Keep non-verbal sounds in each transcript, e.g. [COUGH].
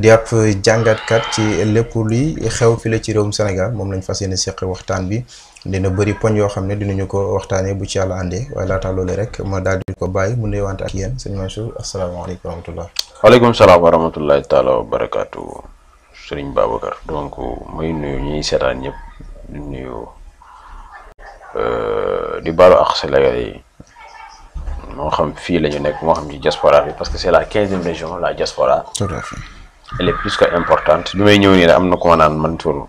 di ab jàngatkat ci lépp luy xew fi la ci réewum Sénégal moom lañ fas yéene seq waxtaan bi dina bëri poñ yoo xam ne dinañu ko waxtaanee bu ci yàlla àndee waaye laata loolu rek ma daal di ko bàyyi mu nuyuwante ak yéen sëñ Mansour asalaamaaleykum wa rahmatullah waaleykum salaam wa rahmatullahi taala wa barakaatu sëriñ Babacar donc may nuyu ñuy seetaan ñëpp di nuyu euh, di baalu ak Sénégal yi moo xam fii la nekk moo xam ci diaspora bi parce que c'est la quinzième région laa diaspora. tout elle est importante bi may ñëw nii am na ko ma naan man tur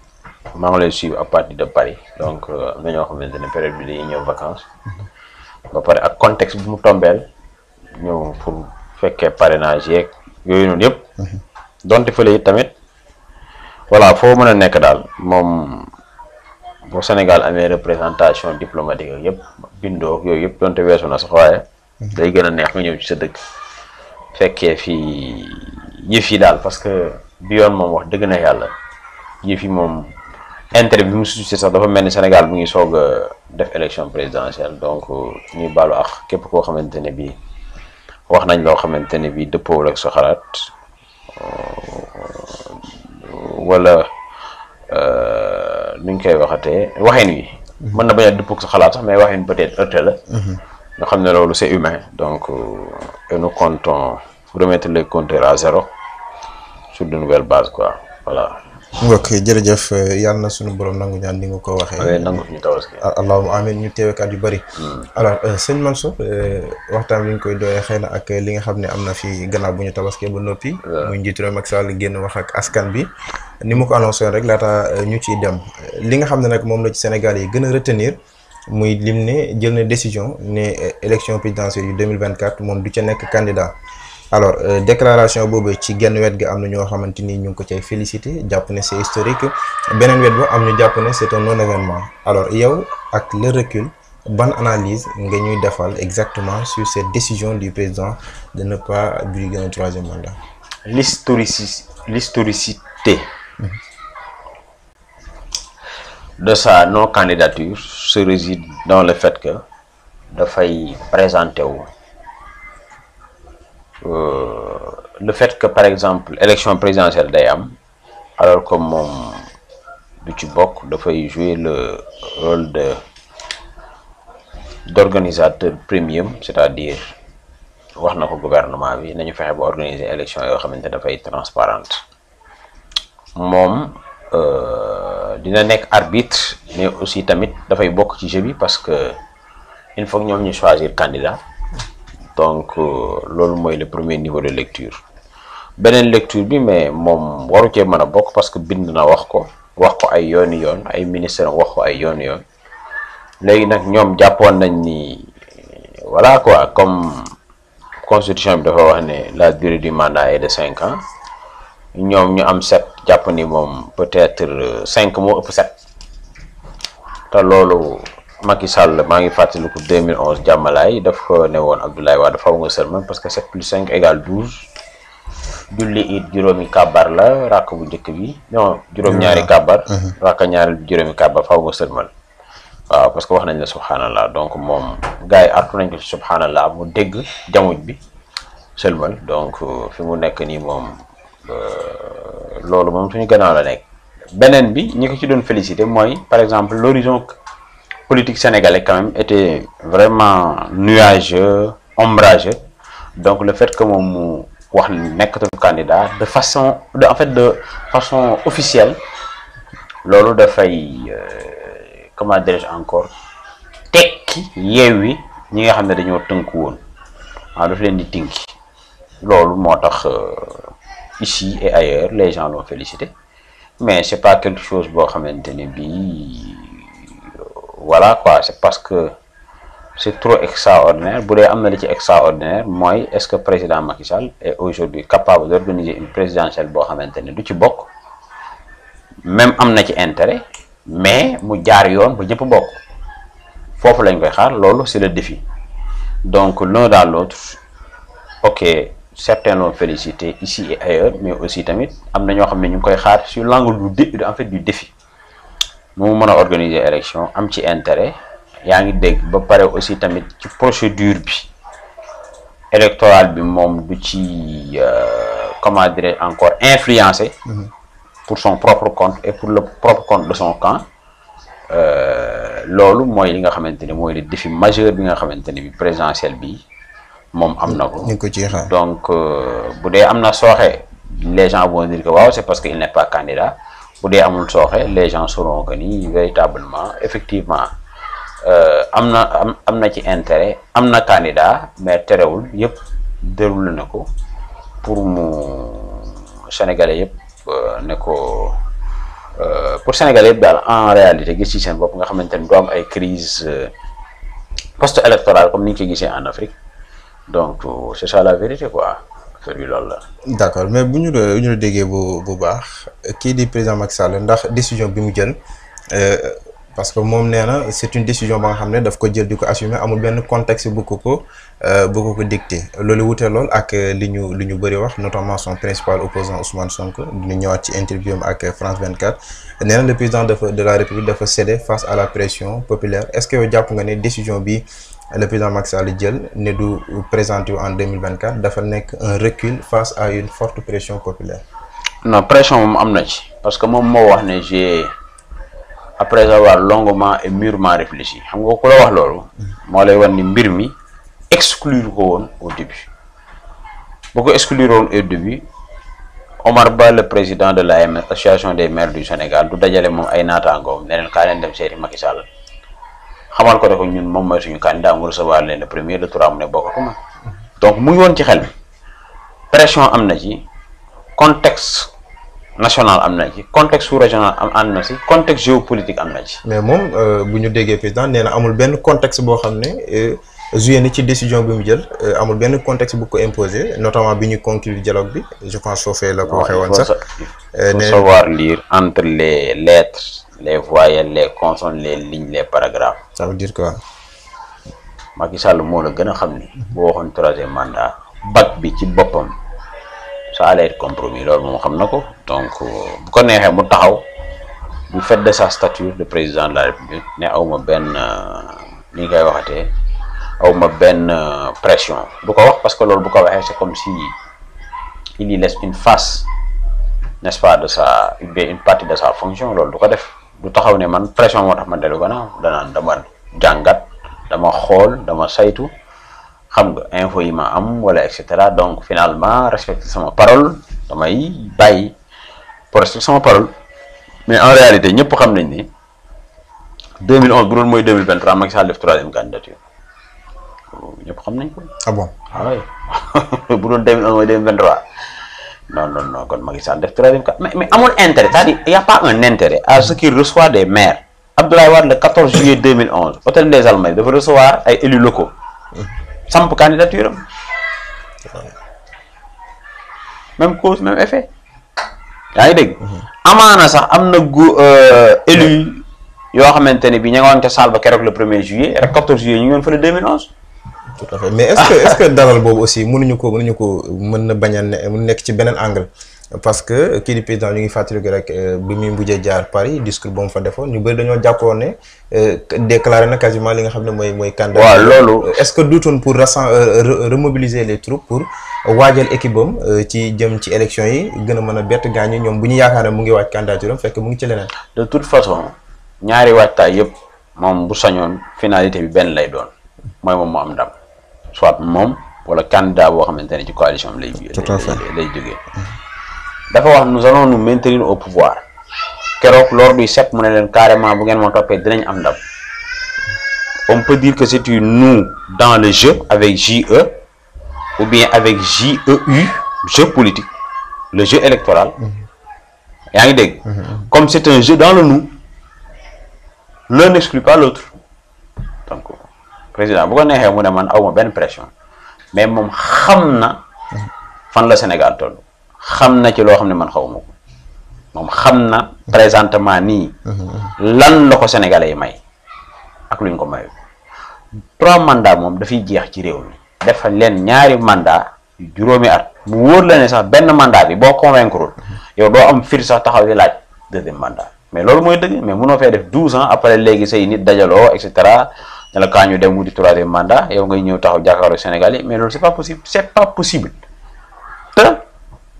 maa ngi lay suivre à partir de Paris donc euh, am na ñoo xamante ne période bi dañuy ñëw vacances ba pare ak contexte bu mu tombeel ñëw pour fekkee parrainage yeeg yooyu noonu yëpp donte fële it tamit voilà foo mën a nekk daal moom boo Sénégal amee représentation diplomatique ak yëpp bindoo yooyu yëpp donte weesu na sax waaye day gën a neex nga ñëw ci sa dëkk fekkee fii yëf yi daal parce que bi yoon moom wax dëgg na yàlla yëf yi moom intérêt bi mu suscité sax dafa mel ni Sénégal bu ngi soog a def élection présidentielle donc euh, ñuy baalu ak képp koo xamante ne bii wax nañ loo xamante ne bii dëppoo ak sa xalaat euh, wala euh, nuñ koy waxatee waxin wi. Mhm. mën na bañ a dëppoo sa xalaat sax mais waxin peut-être heurté la. Mhm. nga xam ne loolu c'est humain donc nous comptons. pour remettre les compteurs à zéro sur de nouvelles bases quoi voilà. mbokk jërëjëf euh, yàlla na sunu borom nangu ñaan ni nga ko waxee. nangu ñu tabaski. allahumma amiin ñu teewekat yu bari hmm. alors euh, sëñ Mansour euh, waxtaan bi ñu koy doyee xëy na ak li nga xam ne am na fi gannaaw bu ñu tabaskee ba noppi. muy njiitu réew Macky génn wax ak askan bi. ni mu ko annoncé rek laata ñu ciy dem li nga xam ne nag moom la ci Sénégal yi gën a retenir muy lim ne jël na décision ne élection présidentielle yu 2024 moom du ca nekk candidat. alors euh, déclaration boobu ci genn wet gi am na ñoo xamante ni ñu ngi ko cay félicité jàpp ne c'est historique beneen wet ba am na jàpp ne c'est un non événement alors yow ak le recul ban analyse nga ñuy defal exactement sur cette décision du président de ne pas briguer un troisième mandat. l'historici l'historicité mmh. de sa non candidature se réside dans le fait que dafay présenter wu. Euh, le fait que par exemple élection présidentielle day am alors comme moom du ci bokk dafay jouer le rôle de d'organisateur premium c'est-à-dire wax na ko gouvernement bi nañu fexe ba organiser élection yoo xamante dafay transparente moom euh, dina nekk arbitre mais aussi tamit dafay bokk ci jeu bi parce que il faut ñoom ñu choisir candidat donc euh, loolu mooy le premier niveau de lecture beneen lecture bi mais moom waru cee mën a bokk parce que bind na wax ko wax ko ay yooni yoon ay ministère wax ko ay yooni yoon léegi nag ñoom jàppoon nañ ni voilà quoi comme constitution bi dafa wax ne la durée du mandat est de cinq ans ñoom ñu am sept jàpp ni moom peut-être euh, cinq moo ëpp sept te loolu Macky Sall maa ngi fàttaliku 2011 jàmmalaay daf ko ne woon Abdoulaye Wade faw nga sëlmal parce que 7 plus 5 égale 12 julli it juróomi kàbbar la ràkk bu njëkk bi non juróom-ñaari kàbbar ràkk uh-huh. ñaari juróomi kàbbar faw nga sëlmal waaw parce que wax nañ la subhanallah donc moom gars yi artu nañ ko ci subhanallah mu dégg jamuj bi sëlmal donc euh, fi mu nekk nii moom euh, loolu moom suñu gannaaw la nekk beneen bi ñu ko ci doon félicité mooy par exemple l'horizon politique sénégalaise quand même était vraiment nuageux ombrageux donc le fait que moom mu wax nekkatul candidat de façon de en fait de façon officielle loolu dafay euh, comment dirais-je encore tekki yi ñi nga xam ne dañoo tënk woon waaw ah, daf leen di tinki loolu moo tax euh, ici et ailleurs les gens l'ont félicité mais c'est pas quelque chose boo xamante ne bii voilà quoi c'est parce que c'est trop extraordinaire bu dee am na li ci extraordinaire mooy est-ce que président Macky Sall est aujourd'hui capable d'organiser une présidentielle boo xamante ne du ci bokk même am na ci intérêt mais mu jaar yoon ba ñëpp bokk foofu lañ koy xaar loolu c'est le défi donc l'un dans l'autre ok certains l'ont félicité ici et ailleurs mais aussi tamit am na ñoo xam ne ñu ngi koy xaar sur l'angle du dé en fait du défi mu mën a organiser élection am ci intérêt yaa ngi dégg ba pare aussi tamit ci procédure bi électorale bi moom du ci euh, comment dirais encore influencé mhm. pour son propre compte et pour le propre compte de son camp euh, loolu mooy li nga xamante ni mooy le défi majeur bi nga xamante ni bi présidentiel bi moom am na ko donc euh, bu dee am na sooxe les gens vont dire que waaw c'est parce que il n'est pas candidat bu dee amul sooxe les gens sauront que ni véritablement effectivement euh, am na am am na ci intérêt am na candidat mais terewul yëpp déroulé na ko pour mu sénégalais yëpp euh, ne ko euh, pour sénégalais yëpp daal en réalité gis ci seen bopp nga xamante ni du am ay crise post électorale comme ni ñu ko gisee en Afrique donc c'est ça la vérité quoi kër gi loolu la. d' mais bu ñu dee ñu la déggee bu bu baax kii di président Macky Sall ndax décision bi mu jël euh, parce que moom nee na c' est une décision ba nga xam ne daf ko jël di ko assumer amul benn contexte bu ko ko euh, bu ko ko dicté loolu wute lool ak li ñu li ñu bëri wax notamment son principal opposant Ousmane Sonko ñu ñëwaat ci interview am ak France 24 nee na le président de la République dafa cédé face à la pression populaire est ce que yow jàpp nga ne décision bi. le président Macky Sall jël ne du présenté en 2024 dafa nekk un recul face à une forte pression populaire non pression moom am na ci parce que moom moo wax ne j'ai après avoir longuement et mûrement réfléchi xam nga ku la wax loolu moo lay wan ni mbir mi exclure ko woon au début boo ko exclure woon au début Omar Ba le président de m association des maires du Sénégal du dajale moom ay naataangoom ne leen kaa leen dem seeti Macky xamal ko ne ñun moom mooy suñu candidat mu recevoir leen le premier le trois mu ne bokk ko ma donc muy ngi woon ci xel bi pression am na ci contexte national am na ci contexte sous régional am na ci contexte géopolitique am na ci. mais moom euh, bu ñu déggee président nee na amul benn contexte boo xam ne euh, joué na ci décision bi mu jël euh, amul benn contexte bu ko imposé notamment bi ñu conclure dialogue bi je pense foofee la ko waxee woon sax. ne savoir lire entre les lettres les voyelles les consonnes les lignes les paragraphes. ça veut dire que Macky Sall moo la gën a xam ni. boo waxoon troisième mandat. bac bi ci boppam. sa allait être compromis loolu moom xam na ko. donc euh, bu ko neexee mu taxaw. du fait de sa stature de président de la république ne awma benn euh, ni ngay waxatee awma benn euh, pression du ko wax parce que loolu bu ko waxee c'est comme si il y laisse une face nest pas de sa une partie de sa fonction loolu du ko def du taxaw ne man pression moo tax ma dellu gannaaw danaan daman jàngat dama xool dama saytu xam nga info yi am wala et cetera donc finalement respecter sama parole damay bàyyi pour respecter sama parole mais en réalité ñëpp xam nañ ni 2011 bu doon mooy 2023 Macky Sall def troisième candidature ñëpp xam nañ ko. ah bon waaw ah [LAUGHS] bu doon 2011 mooy 2023 non non non kon Macky Sall def troisième candidature mais mais amul intérêt c'est-à-dire y a pas un intérêt à ce qu'il reçoit des maires. Abdoulaye Wade la 14 juillet 2011 hôtel des Almadies dafa recevoir ay élus locaux samp candidature am même cause même effet yaa ngi dégg. amaana sax am na gu euh, élu yoo xamante ne bi ña nga woon ca ba keroog le premier juillet rek 14 juillet ñu ngi woon fële 2011. tout à fait mais est est dalal boobu aussi mënuñu ko mënuñu ko mën na bañ a nekk ci beneen angle. parce que kii di président ñu ngi fàttaliku rek euh, bi muy mujjee jaar Paris discours ba mu fa defoon ñu bëri dañoo jàppoon ne euh, déclaré na quasiment li nga xam ne mooy mooy candidat waaw loolu euh, est-ce que duutoon pour rassen remobiliser les troupes pour waajal équipe am ci jëm ci élection yi gën a mën a bett gaañu ñoom bu ñu yaakaar ne mu ngi waaj candidature am fekk mu ngi ci leneen de toute façon ñaari waajtaay yëpp moom bu sañoon finalité bi benn lay doon mooy moom mu am ndam soit moom wala candidat boo xamante ne ci coalition am lay lay jógee dafa wax nous allons nous maintenir au pouvoir keroog lors du set mu ne leen carrément bu ngeen ma toppee dinañ am ndam on peut dire que c'est une nous dans le jeu avec JE ou bien avec JEU jeu politique le jeu électoral mm-hmm. yaa ngi dégg mm-hmm. comme c'est un jeu dans le nous l'un n'exclut pas l'autre président bu ko neexee mu ne man aw awma benn pression mais moom xam na mm-hmm. fan la Sénégal toll xam na ci loo xam ne man xaw ma moom xam na présentement nii lan la ko sénégalais yi may ak luñ ko mayu trois mandats moom dafay jeex ci réew mi dafa leen ñaari mandat juróomi at bu wóor la ne sax benn mandat bi boo convaincrewul yow doo am fir sax taxaw di laaj deuxième mandat mais loolu mooy dëgg mais munoo fee def douze ans après léegi say nit dajaloo et cetera la kaa ñu dem wuti troisième mandat yow ngay ñëw taxaw jàkkaarloo Sénégal yi mais loolu c'est pas possible possible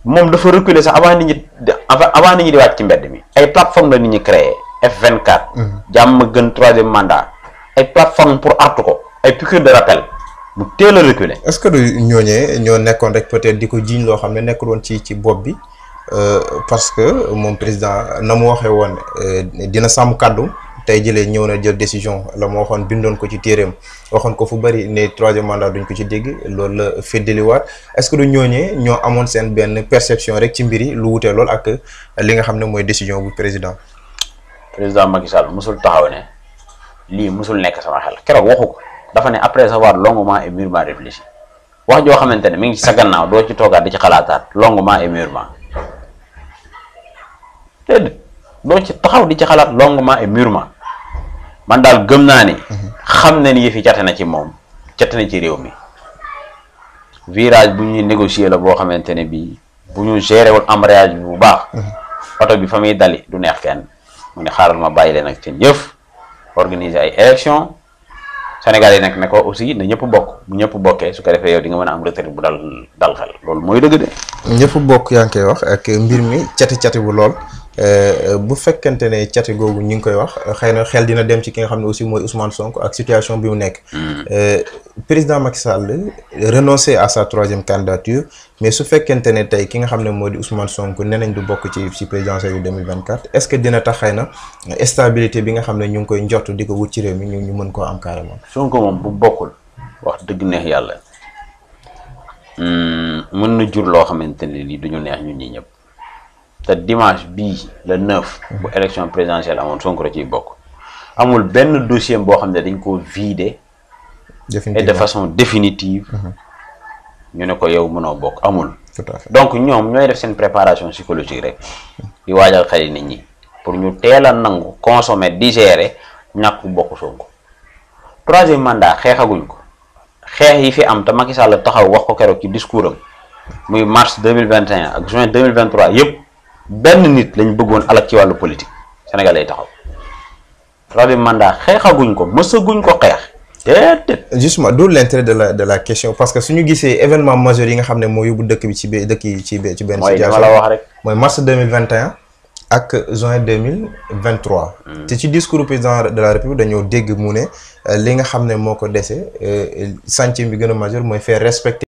moom dafa reculer sax avant nit ñi avant ni ñi di wàcc ci mbedd mi ay plateforme la nit ñi créé F24 mhm. jàmm gën troisième mandat ay plateforme pour artu ko ay piqûre de rappel mu teel reculer est-ce que du ñooñee ñoo nekkoon rek peut-être di ko jiiñ loo xam ne nekkul woon ci ci bopp bi euh, parce que moom président na mu waxee woon euh, dina sàmm kàddu tey jëlee ñëw na jël décision la moo waxoon bindoon ko ci téeréem waxoon ko fu bëri ne troisième mandat duñ ko ci dégg loolu la féddaliwaat est-ce que du ñooñee ñoo amoon seen benn perception rek ci mbiri lu wutee loolu ak li nga xam ne mooy décision bu président président Macky Sall musul taxaw ne lii musul nekk sama xel keroog waxu ko dafa ne après avoir longuement et mûrement réfléchi wax joo xamante ne mi ngi ci sa gannaaw doo ci toogaat di ci xalaataat longuement et mûrement déedéet doo ci taxaw di man daal gëm naa ni. Mhm. xam na ni yëf yi na ci moom jate na ci réew mi virage bu ñuy négocier la boo xamante ne bii bu ñu gérer wul embrayage bi bu baax. Mhm. oto bi fa dali du neex kenn mu ne xaaral ma bàyyi leen ak seen yëf organiser ay élection Sénégal yi nag ne ko aussi na ñëpp bokk bu ñëpp bokkee su ko defee yow di nga mën a am retraite bu dal dal xel loolu mooy dëgg de. ñëpp bokk yaa ngi wax mbir mi cati cati bu lool. Euh, bu fekkente ne cati googu ñu ngi koy wax xëy na xel dina dem ci ki nga xam ne aussi mooy Ousmane sonk ak situation bi mu nekk. Hmm. Euh, président Macky Sall renoncé à sa troisième candidature mais su fekkente ne tey ki nga xam ne moo di Ousmane sonk nee nañ du bokk ci ci présidentielle yu 2024 est-ce que dina tax xëy na stabilité bi nga xam ne ñu ngi koy njort di ko wut ci réew mi ñu ñu mën koo am carrément. Sonko moom bu bokkul wax dëgg neex yàlla hmm, mën na jur loo xamante ne ni duñu neex ñun ñëpp. te dimanche bii le 9 bu élection présidentielle amoon Sonko ci bokk amul benn dossier boo xam ne dañ ko vider. et de façon définitive. Mhm. ñu ne ko yow mënoo bokk amul. tout à donc ñoom ñooy def seen préparation psychologique rek di waajal xel nit ñi pour ñu teel a nangu consommer digérer ñàkk bokk Sonko. troisième mandat xeexaguñ ko xeex yi fi am te Macky Sall taxaw wax ko keroog ci discours am muy mars deux mille vingt et un ak juin deux yëpp. benn nit lañ bëggoon alak ci wàllu politique Sénégal lay taxaw troisième mandat xeexaguñ ko mësaguñ ko xeex déedéet justement d'où l'intérêt de la de la question parce que suñu gisee événement majeur yi nga xam ne moo yóbbu dëkk bi ci b dëkk yi ci b ci benn situation la wax rek mooy mars 2021 ak juin mm. te ci discours président de la république dañoo dégg mu ne euh, li nga xam ne moo ko dese chantier euh, bi gën a majeur mooy faire respecter